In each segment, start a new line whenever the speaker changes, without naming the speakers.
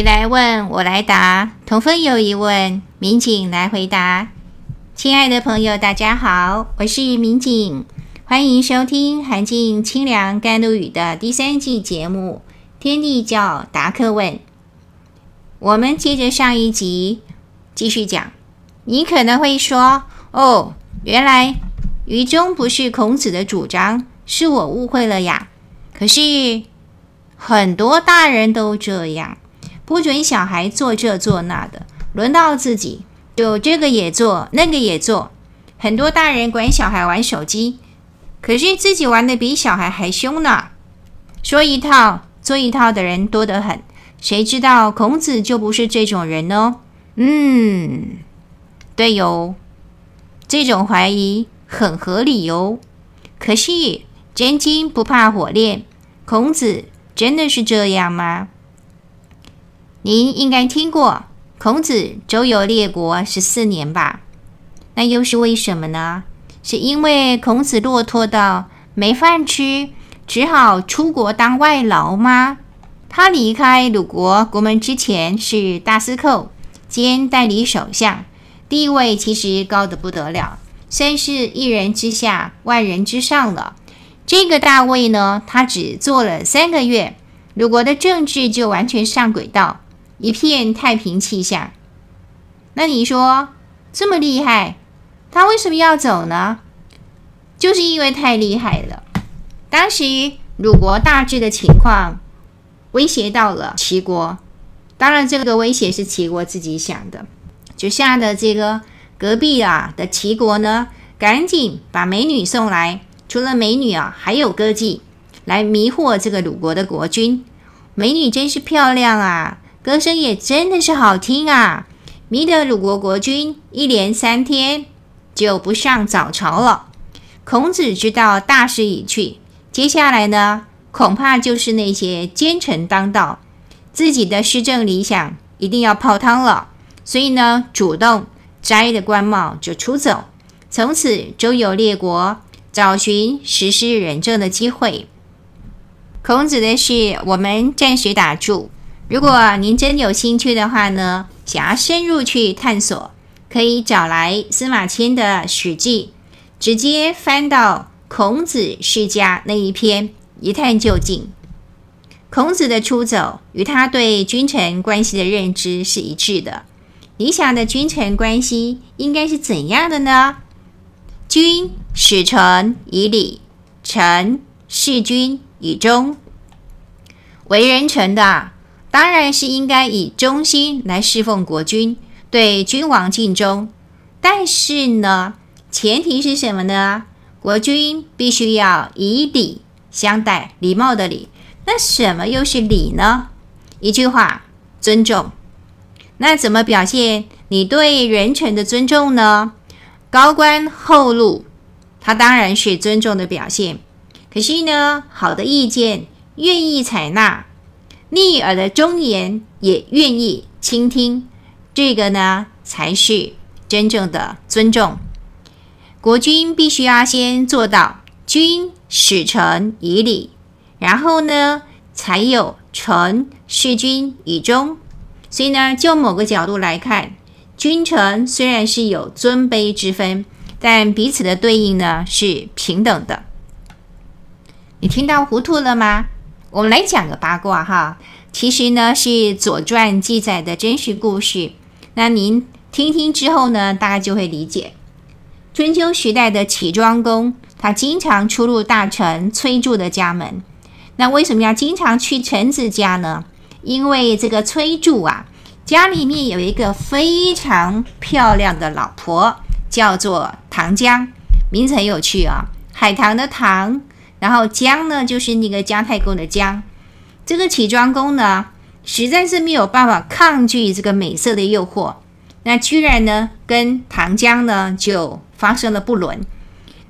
你來問，我來答，同分有疑問，民警來回答。親愛的朋友，大家好，我是民警，歡迎收聽《寒靜清涼甘露雨》的第三季節目《天地教答客問》。我們接着上一集繼續講。你可能會說：“哦，原來愚忠不是孔子的主張，是我誤會了呀。”可是很多大人都這樣。不准小孩做這做那的，輪到自己就這個也做，那個也做。很多大人管小孩玩手機，可是自己玩的比小孩還凶呢，啊。說一套做一套的人多得很，誰知道孔子就不是這種人哦。嗯，對喲，哦，這種懷疑很合理哦。可是真金不怕火煉，孔子真的是這樣嗎？您應該聽過孔子周遊列國十四年吧？那又是為什麼呢？是因為孔子落魄到沒飯吃，只好出國當外勞嗎？他離開魯國國門之前是大司寇兼代理首相，地位其實高得不得了，算是一人之下萬人之上了。這個大位呢，他只做了三個月，魯國的政治就完全上軌道。一片太平氣象。那你說這麼厲害，他為什麼要走呢？就是因為太厲害了。當時魯國大治的情況威脅到了齊國，當然這個威脅是齊國自己想的，就嚇得這個隔壁啊的齊國呢，趕緊把美女送來，除了美女啊，還有歌妓來迷惑這個魯國的國君。美女真是漂亮啊！歌聲也真的是好聽啊，迷得魯國國君一連三天就不上早朝了。孔子知道大勢已去，接下來呢，恐怕就是那些奸臣當道，自己的施政理想一定要泡湯了。所以呢，主動摘的官帽就出走，從此周遊列國，找尋實施仁政的機會。孔子的事，我們暫時打住。如果您真有興趣的話呢，想要深入去探索，可以找來司馬遷的《史記》，直接翻到《孔子世家》那一篇，一探究竟。孔子的出走與他對君臣關係的認知是一致的。理想的君臣關係應該是怎樣的呢？君使臣以禮，臣事君以忠。為人臣的，當然是應該以忠心來侍奉國君，對君王盡忠。但是呢，前提是什麼呢？國君必須要以禮相待，禮貌的禮。那什麼又是禮呢？一句話，尊重。那怎麼表現你對人臣的尊重呢？高官厚祿，它當然是尊重的表現。可是呢，好的意見願意採納。逆耳的忠言也願意傾聽，這個呢才是真正的尊重。國君必須要先做到君使臣以禮，然後呢才有臣事君以忠。所以呢，就某個角度來看，君臣雖然是有尊卑之分，但彼此的對應呢是平等的。你聽到糊塗了嗎？我們來講個八卦哈，其實呢是《左傳》記載的真實故事。那您聽聽之後呢，大家就會理解。春秋時代的齊莊公，他經常出入大臣崔杼的家門。那為什麼要經常去臣子家呢？因為這個崔杼啊，家裡面有一個非常漂亮的老婆，叫做棠姜，名字很有趣啊，海棠的棠。然後姜呢，就是那個姜太公的姜。這個齊莊公呢，實在是沒有辦法抗拒這個美色的誘惑，那居然呢跟棠姜呢就發生了不倫。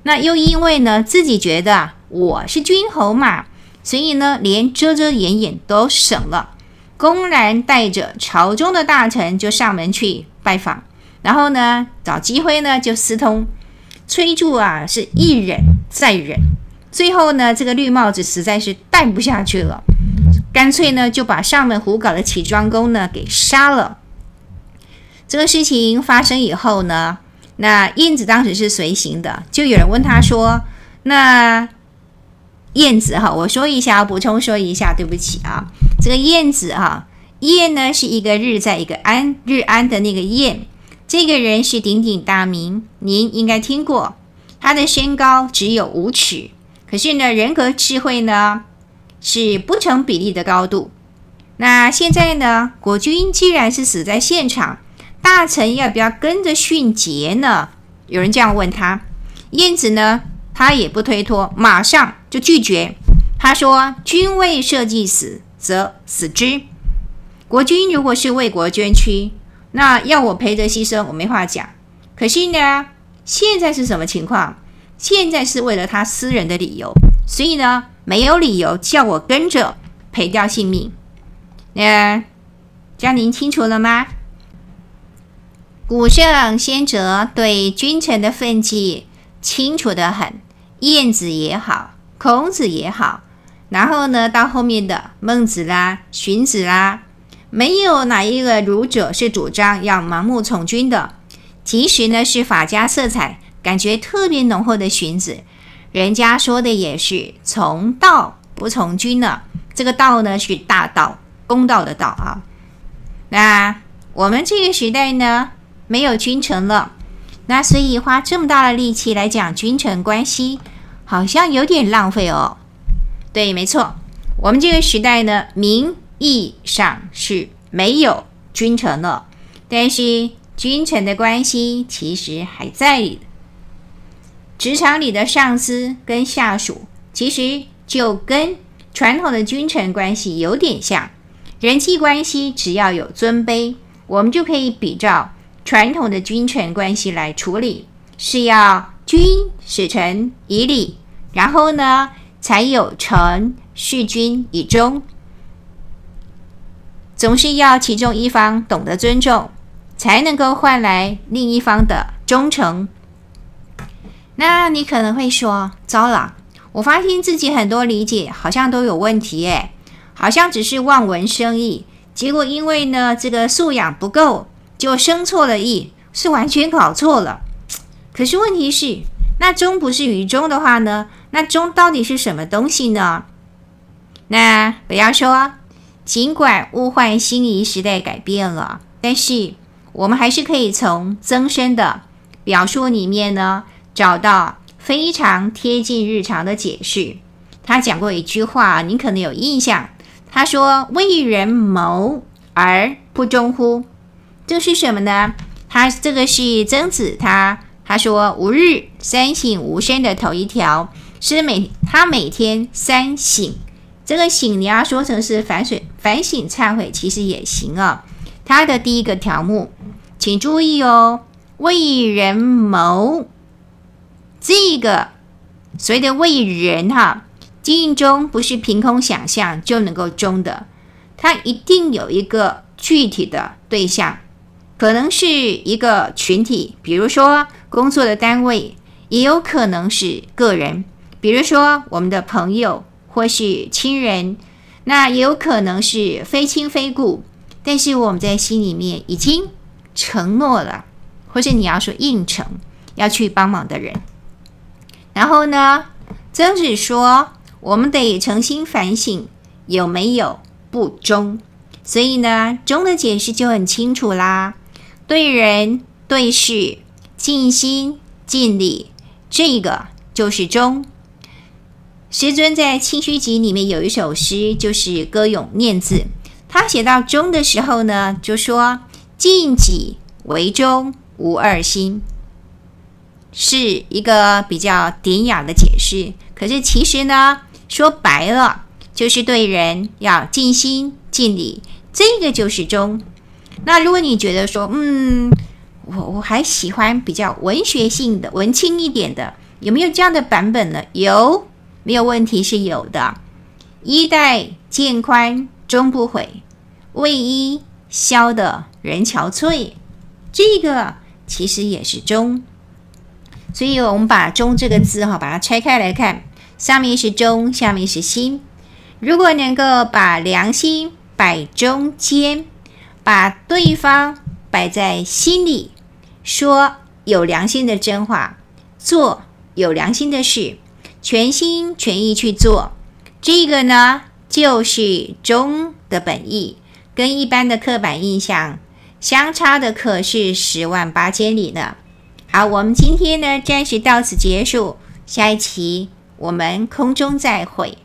那又因為呢自己覺得我是君侯嘛，所以呢連遮遮掩掩都省了，公然帶着朝中的大臣就上門去拜訪，然後呢找機會呢就私通。崔杼啊，是一忍再忍。最後呢，這個綠帽子實在是戴不下去了，乾脆呢就把上門胡搞的齊莊公呢給殺了。這個事情發生以後呢，那晏子當時是隨行的，就有人問他說：“那晏子哈，我說一下，補充說一下，對不起啊，這個晏子哈，晏呢是一個日在一個安日安的那個晏，這個人是鼎鼎大名，您應該聽過。他的身高只有五尺。”可是呢，人格智慧呢，是不成比例的高度。那現在呢，國君既然是死在現場，大臣要不要跟着殉節呢？有人這樣問他，晏子呢，他也不推脫，馬上就拒絕。他說：“君為社稷死，則死之。國君如果是為國捐軀，那要我陪着犧牲，我沒話講。可是呢，現在是什麼情況？”現在是為了他私人的理由，所以呢，沒有理由叫我跟着賠掉性命。那、呃，這樣您清楚了嗎？古聖先哲對君臣的分際清楚得很，晏子也好，孔子也好，然後呢，到後面的孟子啦、荀子啦，沒有哪一個儒者是主張要盲目從君的，其實呢，是法家色彩。感覺特別濃厚的荀子，人家說的也是“從道不從君”了。這個“道”呢，是大道、公道的“道”啊。那我們這個時代呢，沒有君臣了，那所以花這麼大的力氣來講君臣關係，好像有點浪費哦。對，沒錯，我們這個時代呢，名義上是沒有君臣了，但是君臣的關係其實還在的。職場裡的上司跟下屬，其實就跟傳統的君臣關係有點像。人際關係只要有尊卑，我們就可以比照傳統的君臣關係來處理。是要君使臣以禮，然後呢，才有臣事君以忠。總是要其中一方懂得尊重，才能夠換來另一方的忠誠。那你可能會說：“糟了，我發現自己很多理解好像都有問題誒、欸、好像只是望文生義，結果因為呢這個素養不夠，就生錯了意，是完全搞錯了。”可是問題是，那“忠”不是“愚忠”的話呢？那“忠”到底是什麼東西呢？那不要說，儘管物換星移，時代改變了，但是我們還是可以從曾參的表述裡面呢。找到非常貼近日常的解釋。他講過一句話，你可能有印象。他說：“為人謀而不忠乎？”這是什麼呢？他這個是曾子，他他說：“吾日三省吾身”的頭一條是每他每天三省。這個省你要說成是反水反省懺悔，其實也行啊，哦。他的第一個條目，請注意哦：“為人謀。”這個所謂的為人哈、啊，盡忠不是憑空想象就能夠忠的，它一定有一個具體的對象，可能是一個群體，比如說工作的單位，也有可能是個人，比如說我們的朋友或是親人，那也有可能是非親非故，但是我們在心裡面已經承諾了，或是你要說應承要去幫忙的人。然後呢，曾子說：“我們得誠心反省，有沒有不忠？所以呢，忠的解釋就很清楚啦。對人對事盡心盡力，這個就是忠。”師尊在《清虛集》裡面有一首詩，就是歌詠念字。他寫到忠的時候呢，就說：“盡己為忠，無二心。”是一個比較典雅的解釋，可是其實呢，說白了就是對人要盡心盡力，這個就是忠。那如果你覺得說，嗯，我我還喜歡比較文學性的、文青一點的，有沒有這樣的版本呢？有，沒有問題是有的。衣帶漸寬終不悔，為伊消得人憔悴，這個其實也是忠。所以，我們把“忠”這個字哈，把它拆開來看，上面是中，下面是心。如果能夠把良心擺中間，把對方擺在心裡，說有良心的真話，做有良心的事，全心全意去做，這個呢，就是“忠”的本意，跟一般的刻板印象相差的可是十萬八千里呢。好，我們今天呢，暫時到此結束，下一期我們空中再會。